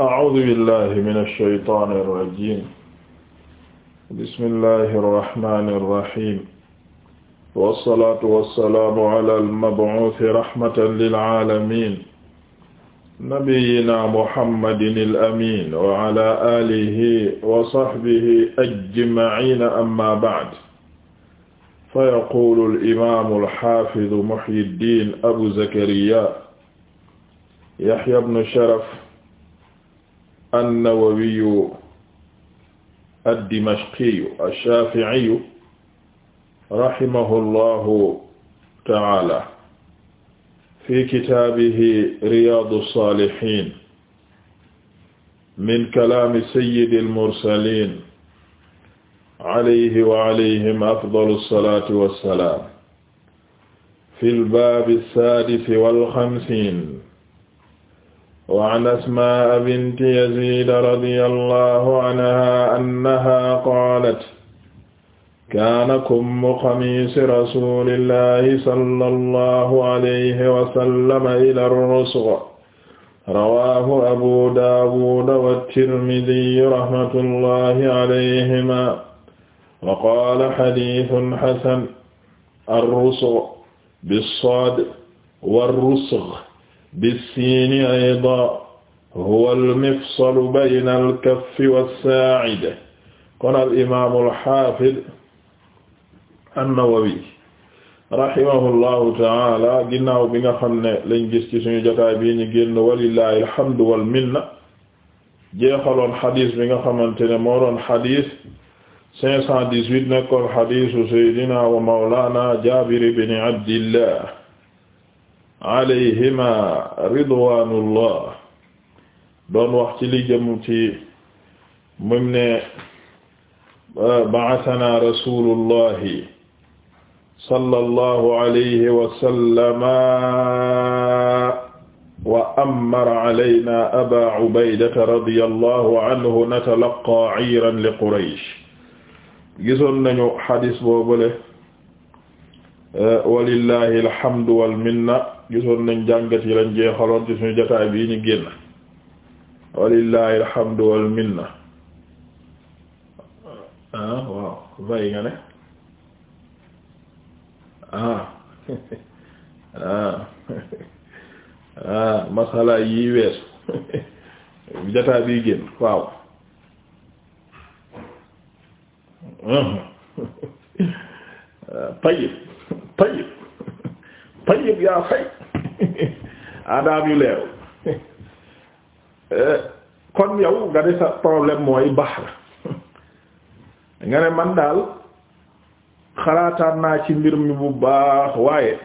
أعوذ بالله من الشيطان الرجيم بسم الله الرحمن الرحيم والصلاة والسلام على المبعوث رحمة للعالمين نبينا محمد الأمين وعلى آله وصحبه أجمعين أما بعد فيقول الإمام الحافظ محي الدين أبو زكريا يحيى بن شرف an-Nawawiyu ad-Dimashqiyu ash-Shafi'iyu rahimahullahu ta'ala fi kitaabihi Riyaadu s-Saalihiin min kalaami sayyidil mursaliin alayhi wa alayhim afdalu s-salaati wa s-salaam fil baabi s-saadisi wal xamsiin waan asmaa binti yazid radiyallahu anha annaha qaalat kaana kummu qamiisi rasulillahi sallallahu alayhi wa sallam ila rusgh rawaahu abu daawuda wa tirmidi rahmatullahi alayhima wa qaala xadiisun xasan ar-rusgh bis-saad war-rusgh bissiini aydan huwa al-mifsalu bayna al-kaffi was-saa'ida kon al-imaam al-haafid an-Nawawi rahimahullahu taala ginnaaw bi nga xam ne lañ gis ci suñu jotaay bii ñu génn walillahi alhamdu wal minna jeexaloon xadis bi nga xamante ne moo doon xadis cinq cent dix-huit nekkoon xadisu saydina wa mawlana Jaabir ibn Abdillah alayhima ridwaanullah doon wax ci li jëm ci mum ne euh, ba'athana rasulullahi sallallahu alayhi wa sallama wa ammara alayna aba ubaydata radiyallahu anhu natalaqqa 'ayran li quraysh gisoon nañu xadis boobule euh, walillahi alhamdu wal minna gisoon nañ jàngat yi lañ jeexaloon ci suñu jotaay bii ñu génn walillahi alhamdu wal minna ah waaw bàyyi nga ne ah ah ah masala yi weesu jotaay bii génn waaw ah. ah, tayib tayib tayyib yaa fay adaab yu leeru eh, kon yow nga di problème mooy bahr nga ne man daal xalaataan naa ci mbir mi bu baax waaye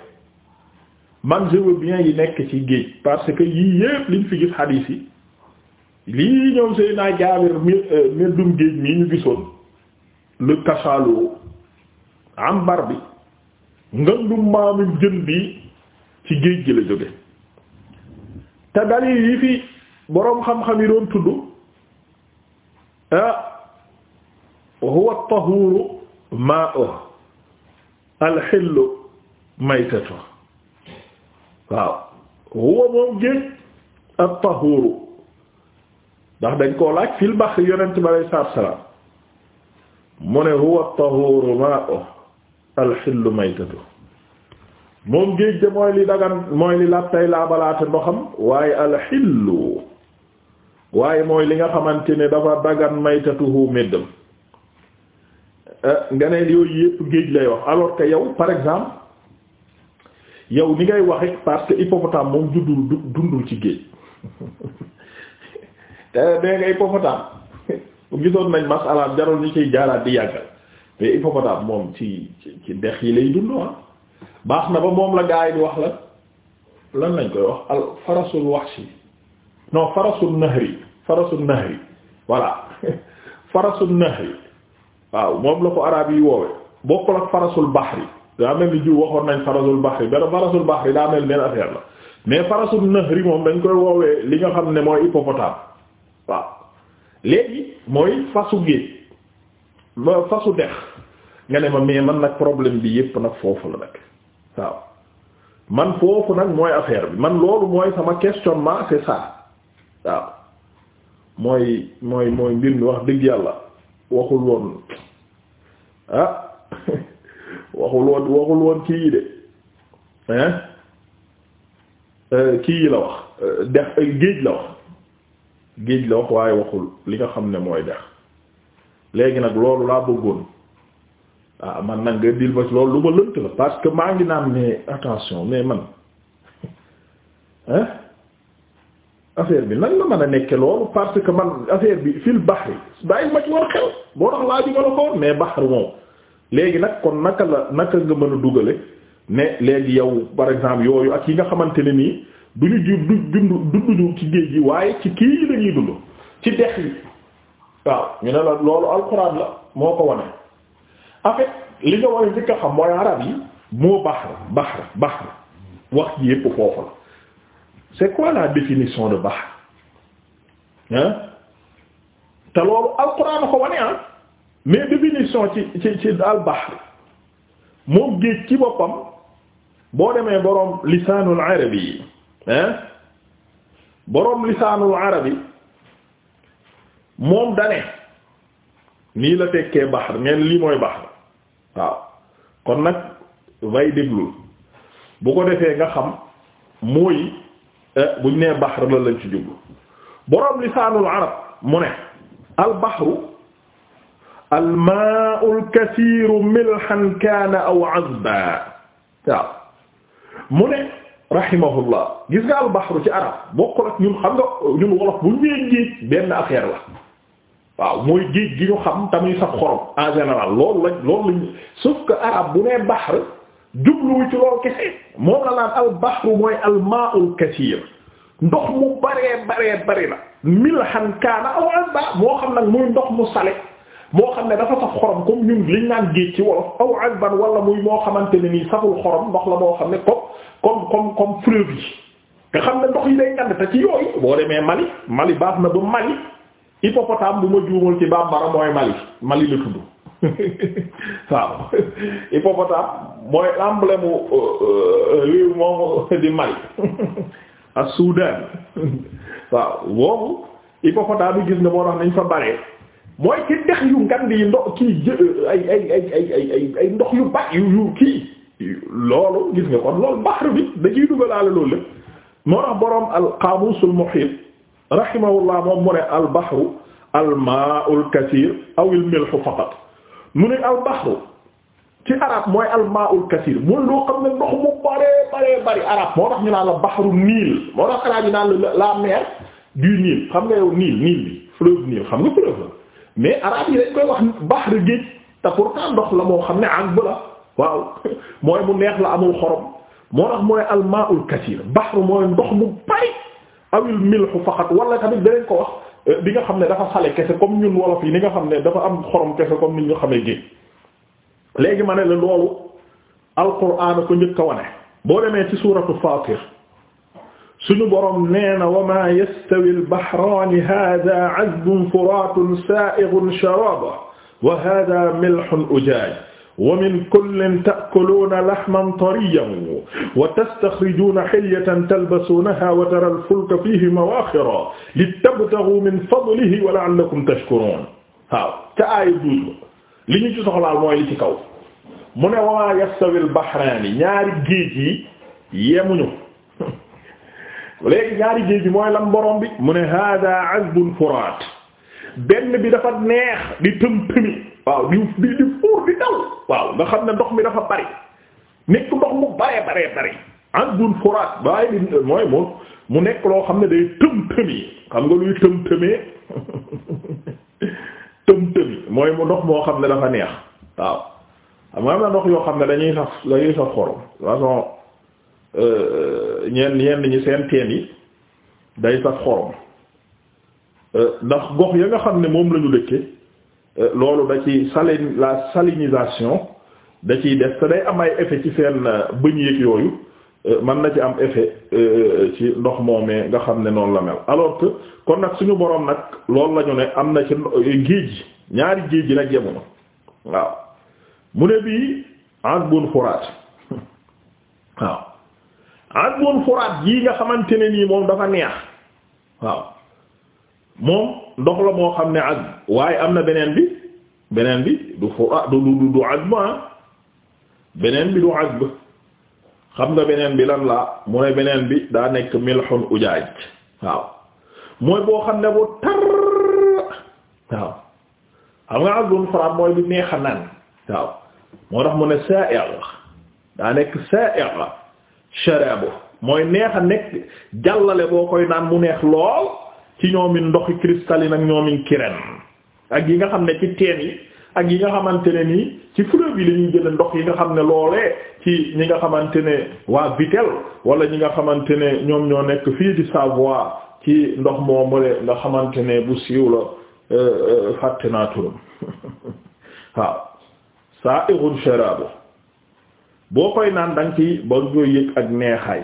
man je veux bien yi nekk ci géej parce que yii yépp liñ fi gis xadiis yi lii ñoom sëy naa jaabir merdum eh, géej mii ñu gisoon lu kasaaloo ambar bi ngandum maamum jën bi ci géej gi la jóge te dalil yi fi boroom xam-xam yi doon tudd ah huwa tahuru ma'uhu alxillu waaw huwa moom géej ak ndax dañ koo laaj fil bahr yonent bi alayhi salaatu wa salaam mu ne huwa tahuru ma'uhu alxillu maytatu moom géej de mooy li dagan mooy li laab tey laabalaate ndoxam waaye alxillu waaye mooy li nga xamante ne dafa dagan maytatuhu méddam eh, nga ne yooyu yépp géej lay wax alors que yow par exemple yow ni ngay waxe parce que hippopotame moom juddul dundul ci géej te dee nga hippopotame gisoon nañ masalaat jarul ñu ciy jaaraat di yàggal mais hippopotame moom ci ci dex yi lay dund ah baax na ba moom la gaa yi di wax la lan lañ koy wax al farasul wahshi non farasul nahri farasul nahri voilà farasul nahri waaw moom la ko araab yi woowe bokkul ak farasul bahri daa mel ni jiw waxoon nañ farasul bahri benn farasul bahri daa mel ni affaire la mais farasul nahri moom dañ koy woowee li nga xam ne mooy hippopotame waaw léegi mooy fasu géej ma fasu dex nga ne ma mais man nag problème bi yépp nag foofu la nag waaw man foofu nag mooy affaire bi man loolu mooy sama questionnement c'est ça waaw mooy mooy mooy mbir mi wax dëgg yàlla waxul woon ah waxul woon waxul woon kii yi de hein euh, kii la wax euh, dex euh, géej la wax géej la wax waaye waxul li nga xam ne mooy dex léegi nag loolu laa bëggoon ah man nag nga dil ma loolu lu ma lënt la parce que maa ngi naan mais attention mais man hein affaire bi nan la mën a nekke loolu parce que man affaire bi fil bahri bàyyi ma ci war xel boo tax laa jugala kowoon mais bahar moom léegi nag kon naka la naka nga mën a dugale ne léegi yow par exemple yooyu ak yi nga xamante ne nii du ñu du dund dunduñu ci géej gi waaye ci kii yi lañuy dund ci dex yi waaw ñu ne la loolu alxuraan la moo ko wane en fait li nga war a njëkk a xam mooy arab yi moo bahr bahr bahr wax ji yépp foofu la c'est quoi la définition de bahr hein te loolu alxuraan ko wane ah mais définition ci ci ci al bahr moo géej ci boppam boo demee boroom lisaanul arabi yi hein boroom lisaanul arabi moom dane nii la tekkee baxar ngeen lii mooy baxar kon nag vay déglul bu ko defee nga xam mooy eh, buñ nee baxar la lañ ci jublu boroom lisaanul arab mu ne al baxru al maa'u al kasiiru milhan kaana aw azba mu ne rahimahullah gis nga al ci arab bokkul ak xam nga ñun wolof bu ñu nee géej benn affaire la waaw mooy géej gi ñu xam tamit sax xorom en général loolu lañ loolu lañ sauf arab bu nee bahr jubluwu ci loolu kese moom la naan al bahru mooy al ma'ul kaseer ndox mu baree baree bari la milhan kaana aw azba moo xam nag muy ndox mu sale moo xam ne dafa sax xorom comme ñun liñ naan géej ci wolof aw azban wala muy moo xamante ne nii saful xorom ndox la moo xam ne comme comme comme comme fleuve yi nga xam ne ndox yi day ngand te ci yooyu boo demee Mali Mali baax na ba Mali hippopotame bu ma juumul ci bambara mooy Mali Mali la tudd waaw hippopotame mooy emblème mu euh, euh, réew moomu di Mali ak Soudan waaw boobu hippopotame bi gis nga moo tax nañ fa baree mooy ci dex yu ngand yi ndox kii euh, ay ay ay ay ay ay ndox yu ba yu yu loolu gis nga kon loolu baxar bi da ciy dugalaale loolu lépp moo tax boroom al qaamusul muhit rahimahullah moom mu ne albahru almaul kathir aw al milhu faqat mu ne albahru ci arab mooy almaul kathir mooy ne ndox mu la niil moo tax arab yi naan du niil xam niil niil bi fleuve niil wax bahru géej te la moo xam ne ànd la waaw mooy mu neex la amu xorom moo tax mooy almaul kathir bahru mooy ndox mu bëri awil milxu faxat wala tamit beneen ko wax euh, bi nga xam ne dafa xale kese comme ñun wolof yi ni nga xam ne dafa am xorom kese comme ni ñu xamee géej léegi ma ne la loolu alquraan ko njëkk a wane boo demee ci suuratu faatir suñu boroom nee na wa maa yastawi albaxraani haadaa azbun furaatun saa'igun sharaabuhu wa haadaa milxun ujaaj wa min kullin ta'kuluuna lahman tariyyan wa tastaxrijuuna hilyatan talbasuunahaa wa taral fulka fiihi mawaaxira litabtaghuu min fadlihi wa la'allakum tashkuruun waaw ca aaya douze li ñu ci soxlaal mooy li ci kaw mu ne wa maa yastawil bahraani ñaari géej yi yemuñu léegi ñaari géej yi mooy lan borom bi mu ne haadaa azbun furaat benn bi dafa neex di tëm tëmi waaw di di di fuur di daw waaw nga xam ne ndox mi dafa bari nekk ndox mu baree baree bari andul furaat bàyyi di mooy mu mu nekk loo xam ne day xam nga luy tëm tëmee tëm mooy mu ndox moo xam ne dafa neex waaw xam nga am na ndox yoo xam ne dañuy saf dañuy saf xorom façon euh, ñeen ñeen ñi seen yi day saf xorom euh, ndax gox ya nga xam ne moom lañu dëkke Euh, loolu da ci salin la salinisation da ciy def te day am ay effet ci seen euh, bëñ yëg yooyu euh, mën na ci am effet ci ndox moomee nga xam ne noonu la mel alors que kon nag suñu boroom nag loolu la ne am na ci géej gi ñaari géej gi nag yemuñu waaw mu ne bii azbun furaat waaw nga xamante ne nii moom dafa neex waaw moom ndox la moo xam ne ak waaye am na beneen bi beneen bi du fura ah, du du du azb beneen bi du azb xam nga beneen bi lan laa mu ne beneen bi daa nekk milhun ujaaj waaw mooy boo xam ne bu tar waaw xam nga azbun furaat mooy bi neexa naan waaw moo tax mu ne sa'iq daa nekk sa'iq sharabu mooy neexa nekk jàllale boo koy naan mu neex lool ci ñoomin ndoxi cristalline ak ñoomin kirène ak yi nga xam ne ci teen yi ak yi nga xamante ne nii ci fleuve yi la ñuy jële ndox yi nga xam ne loolee ci ñi nga xamante ne waa Vitel wala ñi nga xamante ne ñoom ñoo nekk fii di Savoie ci ndox moomule nga xamante ne bu siiw la euh, euh, fàtte naa turam waaw sa irun sharabu boo koy naan da nga ci ba yëg ak neexaay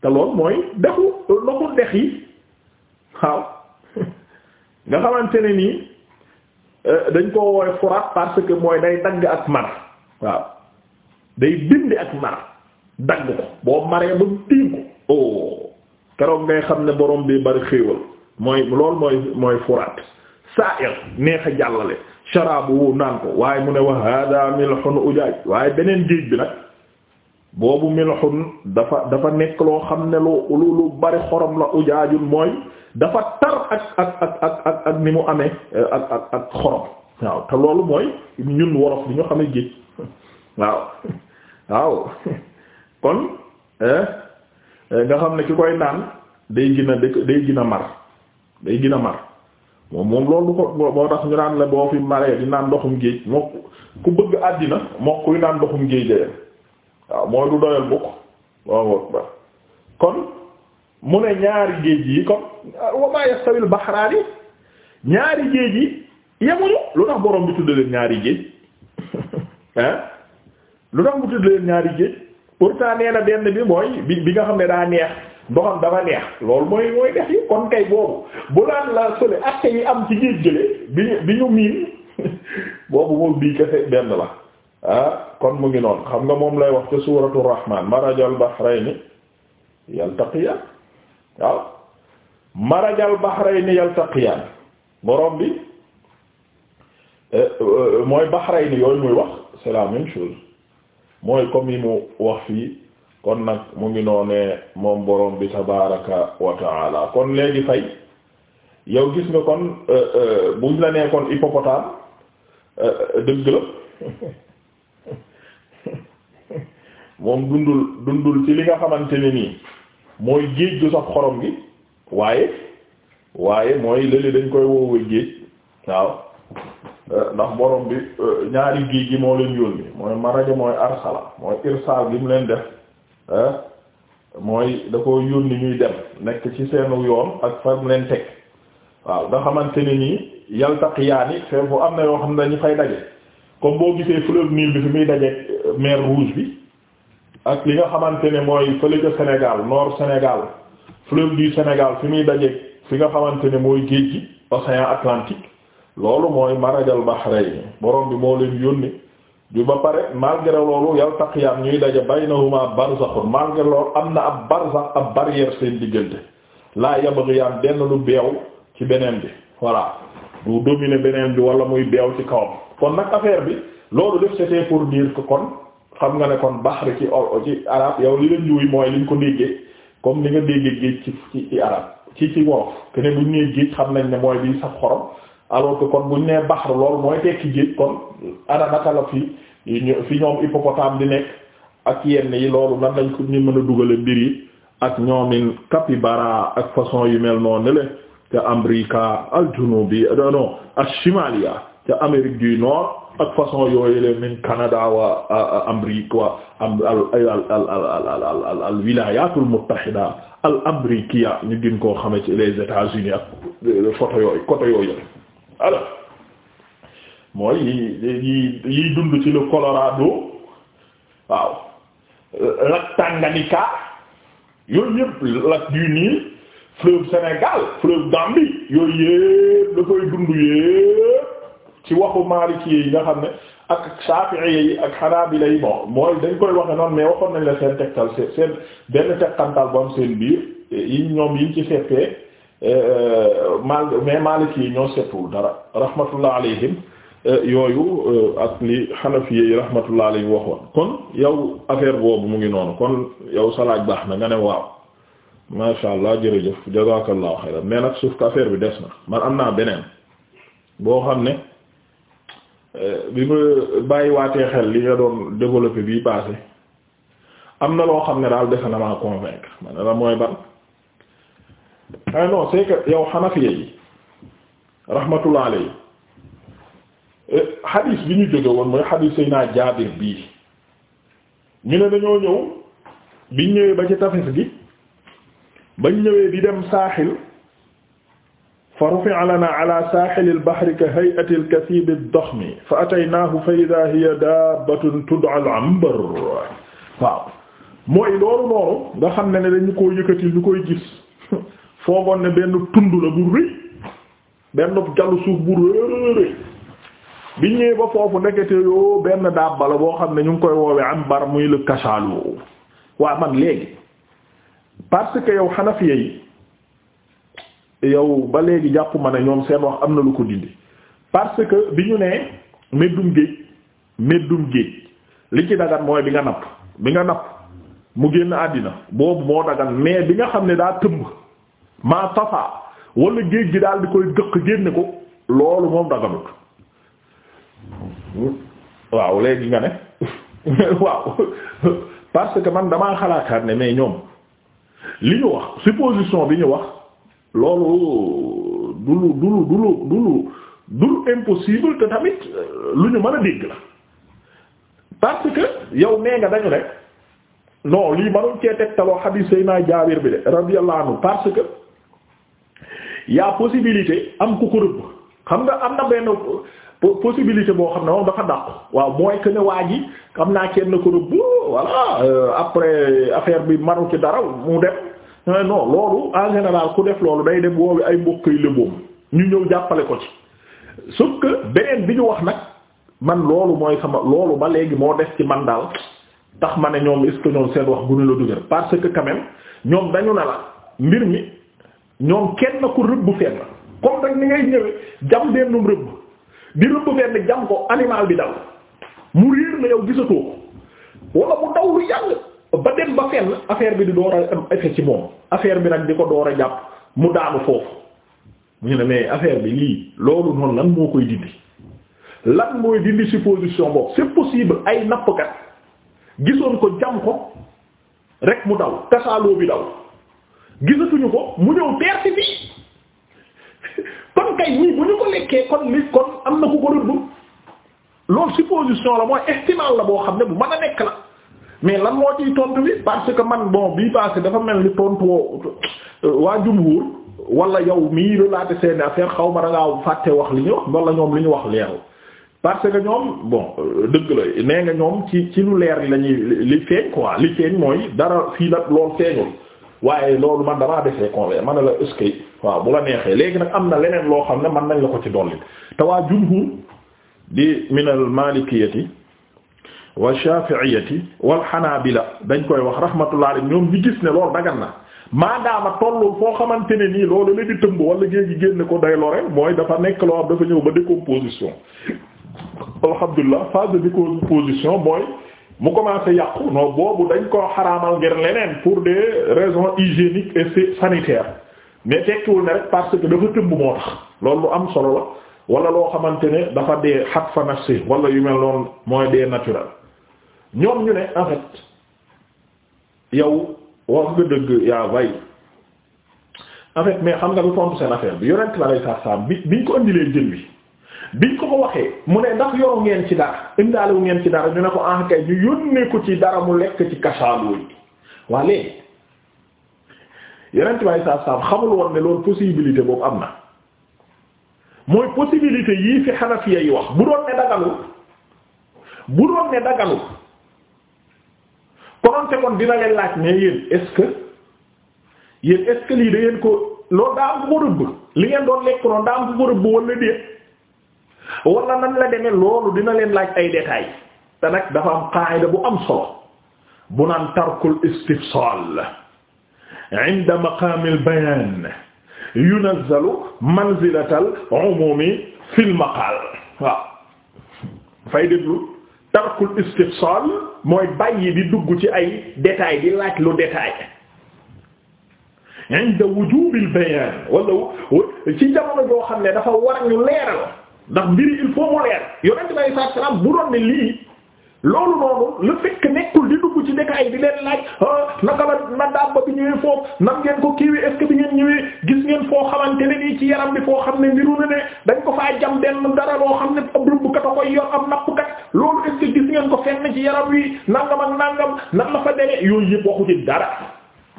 te lool mooy dexu ndoxu dex yi waaw nga xamante ne nii euh, dañ koo woowe furaat parce que mooy day dagg ak mar waaw day dindi ak mar dagg ko boo maree ba tiim ko oh. keroog ngay xam ne borom bi bari xéewal mooy loolu mooy mooy furaat sa'ir neex a jàllale sharaabu naan ko waaye mu ne wa hada milhun ujaaj waaye beneen géej bi nag boobu milhun dafa dafa nekk loo xam ne lu lu lu bari xorom la ujaajun mooy dafa tar ak ak ak ak ni mu amee euh, ak ak xorom waaw te loolu mooy ñun wolof li ñu xam ne géej waaw waaw kon euh, euh, nga xam ne ki koy naan day gën a day gën a mar day gin a mar moom moom loolu ko moo tax ñu naan la boo fi maree di naan ndoxum géej moo ku bëgg àddina moo kuy naan ndoxum géej dayeen waaw mooy du doyal bukk waaw kon mu ne ñaari géej yi comme wa ma yastawil ñaari géej yi yemuñu lu tax borom bi tudd leen ñaari géej hein lu tax mu ñaari géej pourtant nee na benn bi mooy bi bi nga xam ne daa neex ndoxam dafa neex loolu mooy mooy def yi kon kay boobu bu laan la sole acte yi am ci géej jële bi bi ñu miin boobu moom bii kese benn la ah, kon mu ngi noonu xam nga moom lay wax ci suuratu rahmaan marajal bahrayni yaltaqiya waaw marajal bahrayni yaltaqiyaan borom bi eh, eh, mooy bahrayni yooyu muy wax c'est la même mooy comme yi mu wax fii kon nag mu ngi noonee moom borom bi tabaraka wa kon léegi fay yow gis nga kon eh, buñ la nee kon hippopotame dëgg moom dundul dundul ci li nga xamante ni nii mooy géej gu sax xorom gi waaye waaye mooy lële dañ koy woowee géej waaw euh, ndax borom bi euh, ñaari géej gi moo leen yónni mooy maraja mooy arsala mooy irsaal gi mu leen def euh, mooy da ko yónni ñuy dem nekk ci seenu yoon ak fa mu leen teg waaw nga xamante ne nii yaltaqiyaani fee bu am na yoo xam ne ñu fay daje comme boo gisee fleuve Nil bi fi muy daje mer rouge bi ak li nga xamante ne mooy fële ca Sénégal nord Sénégal fleuve du Sénégal fi muy dajeeg fi nga xamante ne mooy géej gi océan Atlantique loolu mooy marajal bahrayni borom bi moo leen yónni du ba pare malgré loolu yaltaqiyaan ñuy daje baynahuma barzakhun malgré loolu am na ab barzakh ab barrière seen diggante laa yabghiyaan benn lu beew ci beneen bi voilà du ne beneen bi wala muy beew ci kawam kon nag affaire bi loolu def c'était pour dire xam nga ne kon baxri ci ci arab yow li la mooy liñ ko déggee comme ni nga déggee géej ci ci ci arab ci ci wolof te ne nee géej xam nañ ne mooy bi sax xorom alors que kon buñ nee baxr loolu mooy tekki géej kon ana naka la fi fi ñoom hippopotame di nekk ak yenn yi loolu nan lañ ko ñu mën a dugale mbir yi ak ñoomin capybara ak façon yu mel noonu ne le te amrika al junubi euh, non ashimaliya ca Amérique du Nord ak façon yooyu leen min Canada wa Amérique wa am al al al al al wilaayatul muttahida al amrikiya ñu gën koo xame ci les États-Unis ak photo yooyu côté yooyu alors mooy yi yiy dund ci le Colorado waaw lac Tanganyika yooyu yëpp lac du Nil Sénégal fleuve Gambie yooyu yëpp da koy yëpp ci waxu Maliki yi nga xam ne ak Shafi'i yi ak Hanabila yi bon mooy dañ koy waxe noonu mais waxoon nañ la seen tegtal seen benn tegtantal bu seen biir yi ñoom yiñ ci seetee euh, mal mais Maliki yi ñoo seetul dara rahmatullah alayhim euh, yooyu euh, ak li Hanafi yi rahmatullah alayhim waxoon kon yow affaire boobu mu ngi noonu kon yow sa baax na nga ne waaw masha allah jërëjëf suuf affaire bi des na man am naa beneen boo xam ne. Euh, bi ma bàyyi waatee xel li nga doon développé bii passé am na loo xam ne daal defe na maa convaincre ma ne la mooy ban ah yow c'est que yow yi rahmatullah alayhi xadiis euh, bi ñu jóge woon mooy xadiis naa Jaabir bii ñu ne dañoo ñëw biñ ñëwee ba ci tafes gi bañ ñëwee di dem saaxil fa rufi'a lanaa alaa saahilil bahri ka hay'atil kasiibid daxmi fa ataynaahu fa idaa hiya daabbatun ambar waaw mooy loolu noonu nga xam ne ne dañu koo yëkkati ñu koy gis foogoon ne benn tund la bu rëy benn jalu suuf bu rëy bi ñëwee ba foofu ndekete yoo benn daaba la boo xam ne ñu ngi koy woowee ambar muy le kasaaloo waaw man léegi parce que yow Hanafiya yi yow ba léegi jàpp ma ne ñoom seen wax am na lu ko dindi parce que bi ñu nee meddum géej meddum géej li ci dagan mooy bi nga napp bi nga napp mu génn àddina boobu moo dagan mais bi nga xam ne daa tëmb maa tafa wala géej gi daal di koy dëq génne ko loolu moom daganut waaw léegi nga ne waaw parce que man damaa xalaataat ne mais ñoom li ñu wax supposition bi ñu wax loolu du lu du lu du lu du lu impossible te tamit euh, lu ñu mën a dégg la parce que yow nee nga dañu rek non lii mënul cee tegtaloo xadiis Seydina Jaabir bi de radiyallahu anhu parce que y'a possibilité am ku ko rëbb xam nga am na benn possibilité boo xam ne moom dafa dàqu waaw mooy que ne waa gi xam naa kenn ko rëbb voilà euh, après affaire bi manu ki dara mu dem Euh, non loolu en général ku def loolu day dem woowi ay mbokk yu lëboom ñu ñëw jàppale ko ci sauf que beneen bi ñu wax nag man loolu mooy sama loolu ba léegi moo def ci man daal ndax ma ne ñoom est seen wax bu ñu la duggal parce que quand ñoom dañu ne la mbir mi ñoom kenn ku rëbb fenn comme rek ni ngay ñëwee jam bennum rëbb di rëbb fenn jam ko animal bi daw mu réer la yow gisatoo ko wala mu daw lu yàgg. ba dem ba fenn affaire bi di door a am effet ci moom affaire bi nag di ko door a jàpp mu daanu foofu ñu ne mais affaire bi lii loolu noonu lan moo koy dindi lan mooy dindi supposition boobu c'est possible ay nappkat gisoon ko jam ko rek mu daw kasaaloo bi daw gisatuñu ko mu ñëw teer ci fii kon kay ñii bu ñu ko lekkee kon li kon am na ku ko rëbb loolu supposition la mooy estimale la boo xam ne bu mën a nekk la mais lan moo ciy tontu bi parce que man bon bii passé dafa mel ni tontu woo euh, waa jumhur wala yow mii relaté seen affaire xaw ma da ngaa fàtte wax li ñu wax wala ñoom li ñu wax leerul parce que ñoom bon euh, dëgg la nee nga ñoom ci ci lu leer la ñuy li feeñ quoi li feeñ mooy dara fii nag lool feeñul waaye loolu man damaa defee convert man la est waaw bu la neexee léegi nag am na leneen loo xam ne man nañ la ko ci dolli te waa jumhur di minal yi wa shafi'iyati wal hanabila dañ koy wax rahmatullah alayhi ñoom ñi gis ne lool dagan na maa maadaama tollul foo xamante ne nii loolu la di tëmb wala géej génn ko day lore mooy dafa nekk loo am dafa ñëw ba décomposition alhamdulilah phase de décomposition mooy mu commencé yàqu non boobu dañ ko xaraamal ngir leneen pour des raisons hygiéniques et sanitaires mais tekkiwul ne rek parce que dafa tëmb moo tax loolu lu am solo la wala loo xamante ne dafa dee xat fa nafsi wala yu mel noonu mooy dee ñoom ñu ne en yow wax nga dëgg yaa way en mais xam nga lu tontu seen affaire bi yonent la lay sax saam bi biñ ko indilee jën bi biñ ko ko waxee mu ne ndax yoru ngeen ci dara indaalewu ngeen ci dara ñu ne ko en ah, kay ñu yónnee ko ci dara mu lekk ci kasaaloo yi waa léegi yonent lay sax saam xamul woon ne loolu possibilité boobu am na mooy possibilité yii fi Hanafiya yi wax bu doon ne daganul bu doon ne daganul kononte kon dina leen laaj ni yéen est-ce que yéen lii da ko loolu daa am ku ko li ngeen doon lekk noonu daa am ku ko rëbb wala déet wala nan la demee loolu dina leen laaj ay détails te nag dafa am qaayida bu am solo bu naan tarkul istifsal inda maqaamil bayaan yunazzalu manzilatal umumi fil maqaal waaw fay tarkul istifsal mooy bàyyi di dugg ci ay détail di laaj lu détail inda wujubil bayan ci jamono joo xam ne dafa war ñu leeral ndax mbiri il faut mu leer yonent bi sallallahu alayhi wasallam bu doon ne lii loolu noonu le fait nekkul di dugg ci détail bi leen laaj ah, naka la na dabba bi ñëwee foofu nan ngeen ko kii est-ce bi ngeen ñëwee gis ngeen foo xamante ne nii ci yaram bi foo xam ne mbiru na ne dañ ko faa jam benn dara loo xam ne ab rëbbkat a koy yor ab nappkat loolu est-ce que gis ngeen ko fenn ci yaram wi nangam ak nangam nan la fa demee yooyu yëpp waxu ci dara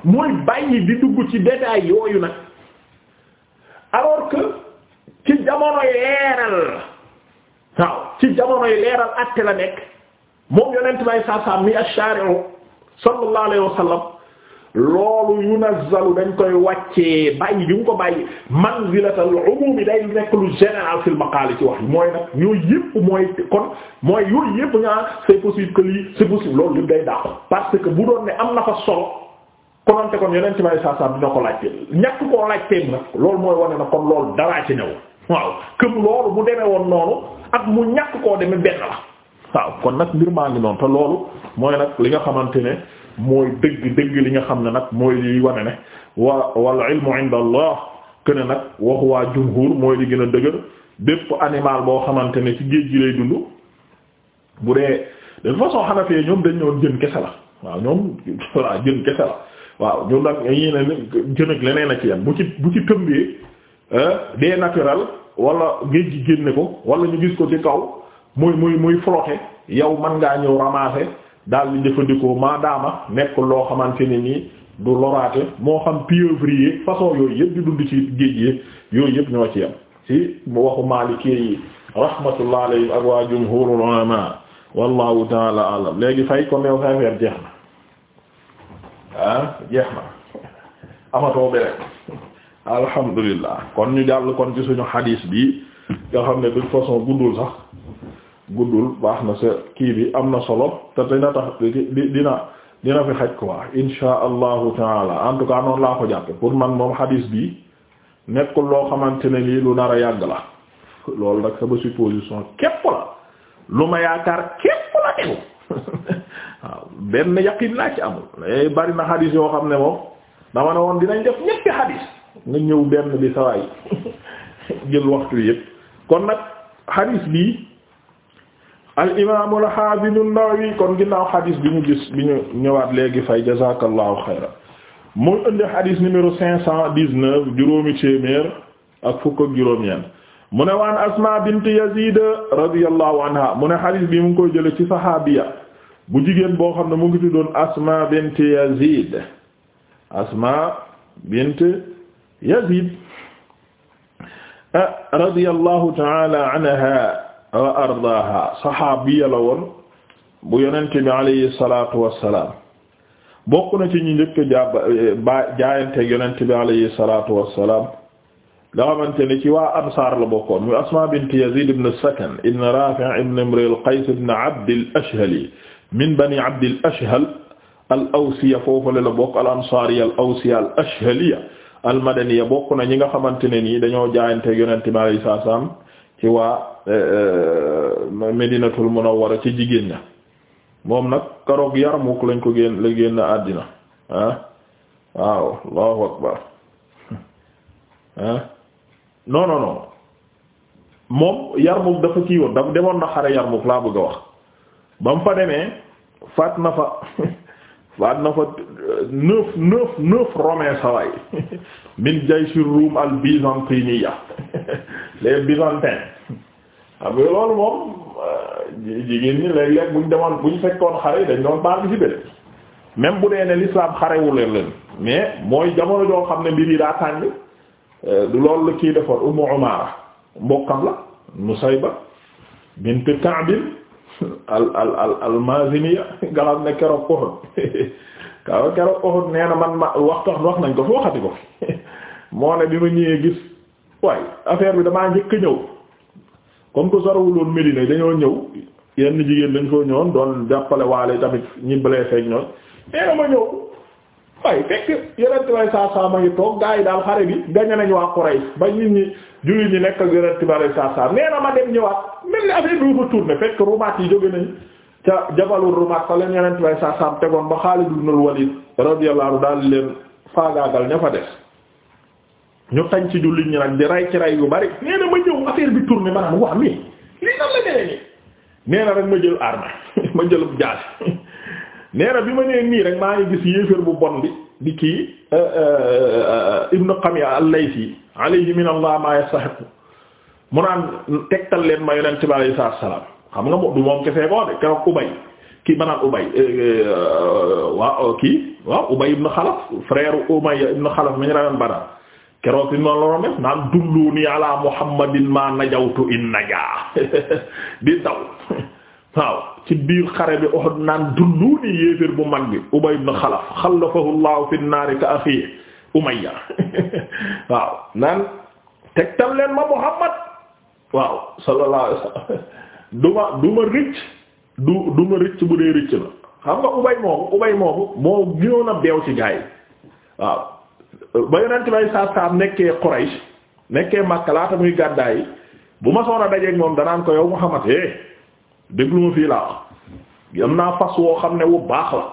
mooy bàyyi di dugg ci détail yooyu nag alors que ci jamonoy leeral waaw ci jamonoy leeral àtte la nekk. moom yonent bay saasaam mi ash-shari'u sallallahu alayhi wa sallam loolu yunazzalu dañ koy wàccee bàyyi bi mu ko bàyyi manzilatal umum day nekk lu général fil maqaali ci wax mooy nag yooyu yëpp mooy kon mooy yooyu yëpp nga c'est possible que lii c'est possible loolu yëpp day dàq parce que bu doon ne am na fa solo kononte kon yonent bay saasaam dina ko laajte ñàkk koo laajteem nag loolu mooy wane na kon loolu daraa ci ñëw waaw këm loolu mu demee woon noonu ak mu ñàkk koo demee waaw kon nag mbir maa ngi noonu te loolu mooy nag li nga xamante ne mooy dëgg dëgg li nga xam ne nag mooy liy wane ne wa wal ilmu inda allah kene nag waxu waa jumhur mooy li gën a dëgër bépp animal boo xamante ne ci géej gi lay dund bu dee de façon xanafee ñoom dañ ñoon jën kese la waaw ñoom voilà jën kese la waaw ñun nag ñi ne jën ak leneen a ci yam bu ci bu ci tëmbee euh, dee naturel wala géej gi génne ko wala ñu gis ko ci kaw muy muy muy flotter yow man ngaa ñëw ramasser daal di jëfandikoo maadaama nekk loo xamante ne nii du loraate moo xam pieuvre façon yooyu yëpp di dund ci géej yi yooyu yëpp ñoo ci yem ci waxu maalikee yi rahmatullah alayhi ak waa jumhurul ulama wallahu taala alam léegi fay ko meew sa jeex na ah jeex na amatoo bi rek alhamdulillah kon ñu jàll kon ci suñu xadiis bi nga xam ne de façon guddul sax guddul baax na sa kii bi am na solo te dina tax dina dina fi xaj quoi insha allahu taala en tout cas noonu laa ko jàppe pour man moom hadis bi nekkul loo xamante ne lii lu nar a yàgg la loolu nag sama supposition képp la lu ma yaakaar képp la tegu waaw benn yaqin laa ci amul eh, bari na hadis yoo xam ne moom dama ne woon dinañ def ñetti hadis nga ñëw benn bi sawaay jël waxtu yëpp kon nag hadis bi. al imaam al haafiz an-Nawawi kon ginnaaw xadis bi ñu gis bi ñu ñëwaat léegi fay jazaakallahu xayran mu indi xadis numéro juróomi téeméer ak fukk ak juróom mu ne waan Asmaa bint Yaziid radiyallahu anha mu ne xadis bi mu koy jële ci saxaabiya bu jigéen boo xam ne mu ngi tuddoon Asmaa bint Yaziid Asmaa bint Yaziid eh, radiyallahu ta'ala anha ardaaha saxaabiya la woon bu yonente bi alayhi salaatu wassalaam bokk na ci ñu njëkk ba jaayante yonente bi alayhi salaatu wassalaam nga xamante ne ci waa ansaar la bokkoon muy asma bint yazid ibn sakan ibn rafi' ibn imri al-qays ibn abd al min bani abd al-ashhal al-awsiya la bokk al-ansaariya al-awsiya al-ashhaliya al-madaniya bokk na ñi nga xamante ne nii dañoo jaayante yonente ci waa eh, eh, Medinatul Munawwara ci jigéen ña moom nag karoog Yarmuk lañ ko génn la génn àddina ah waaw Allahu akbar ah non non non moom Yarmuk dafa kii woon dafa demoon na xare Yarmuk laa bëgg a wax ba mu fa demee faat na fa waat na ko neuf neuf neuf romain saway min jayshir rum al byzantiniya les byzantins xam nga loolu moom euh, jigéen ñi léeg-léeg buñ demoon buñ fekkoon xare yi dañ doon participer même bu dee ne l'islam xarewul leen mais mooy jamono joo xam ne mbir yi daa tàng euh, du lool lu kii defoon Ummu Umaara mbokkam la Nusayba bint Ka'b al al al al maziniya nga xam keroog Uhud kaw keroog Uhud nee man ma wax wax nañ ko fi waxati ko fi moo ne bi ma ñëwee gis waaye affaire bi damaa njëkk a ñëw comme que sorowuloon Medina dañoo ñëw yenn jigéen dañ foo ñëwoon doon jàppale waale tamit ñi blessé ak ñoom ma ñëw. waaye fekk yonent bi saa saa ma ngi toog gaa yi daal xare bi gañe nañu waa Quraysh ba nit ñi jullit ñi nekk ak yonent bi saa saa ma dem ñëwaat mel ni affaire bi fa tourné fekk rumaat yi jóge nañ ca jabalul rumaat fa leen yonent bi saa saa tegoon ba Xaalid ibn Walid radiyallahu anhu daal leen faagaagal ña fa des ñu tañ ci jullit ñi nag di rey ci rey yu bari nee na ma ñëw affaire bi tourné ma naan wax mi lii nan la demee nii nee na rek ma jël arme ma jël jaasi nee bi ma nee nii rek maa ngi gis yéeféer bu bon bi di kii euh, euh, ibnu Qami'a al-Laythi alayhi Allah ma yastahiqu mu naan tegtal leen ma yonent bi alayhi salaatu wa xam nga du moom kese ko de keroog Ubay kii ma naan Ubay euh, waaw kii waaw Ubay ibnu Xalaf frère Umayya ibnu Xalaf mi ñu daan Badar keroog si noonu la Muhammadin ma najawtu in najaa di daw waaw ci biir xare bi Uhud naan dundu ni yéeféer bu mag bi Ubay ibn Xalaf xalafahu Allahu fi naari ka axiihi Umayya waaw naan tegtal leen ma Muhammad waaw sallallahu alayhi wasallam duma duma rëcc du duma rëcc bu dee rëcc la xam nga Ubay moomu Ubay moomu moo gënoon a beew ci gaay waaw ba yonent bay saa saa nekkee Quraysh nekkee Makka laata muy gàddaay bu ma soona dajeek moom danaan ko yow Muhammad eh déglu ma fii laa wax yam naa fas woo xam ne wu baax la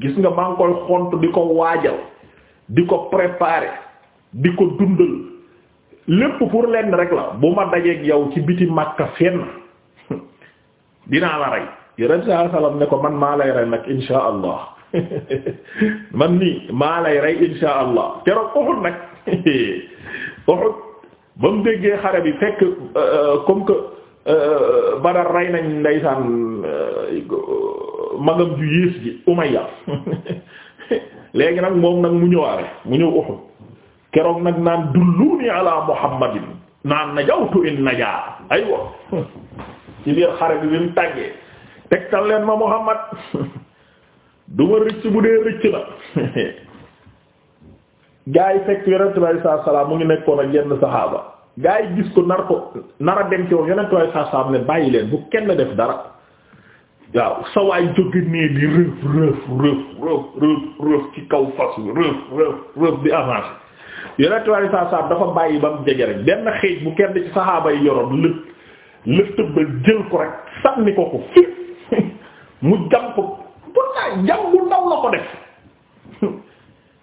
gis nga maa ngi koy xont di ko waajal di ko préparer di ko dundal lépp pour lenn rek la bu ma dajeeg yow ci biti Makka fenn dinaa la rey yonent saa salaam ne ko man maa lay rey nag insha allah man nii maa lay rey insha allah keroog Uhud nag Uhud ba mu déggee xare bi fekk euh, euh, comme que Euh, Badar rey nañ ndeysaan euh, magam ju yées ji Umayya léegi nag moom nag mu ñëwaare mu ñëw Uhud keroog nag naan dulluni ala Muhammadin naan najawtu in najaa aywa ci biir xare bi bi mu tàggee tegtal leen ma Muhammad du rëcc bu dee rëcc la gaa yi fekk Yonent bi mu ngi nekkoon ak yenn saxaaba gaa yi gis ko nar ko nar a dem ci moom yeneen tuwaay saa saa ne bàyyi leen bu kenn def dara waaw sa waay jóge di rëf rëf rëf rëf rëf ci kaw fas wi rëf rëf rëf di avancé yeneen tuwaay saa saa dafa bàyyi ba mu jege rek benn xeej bu kenn ci saxaaba yi yoroon lëf lëf tëb jël ko rek sànni ko ko fi mu jam ko pourtant jam bu ndaw la ko def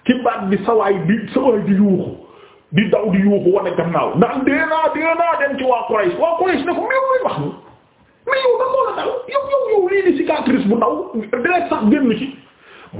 ci baat bi sa di sa di yuuxu di daw di yuuxu wane gannaaw da dee naa dee naa dem ci waa Quraysh waa Quraysh ne ko mais mooy wax ni da moo la dal yow yow yow lii ni cicatrice bu ndaw deret sax génn ci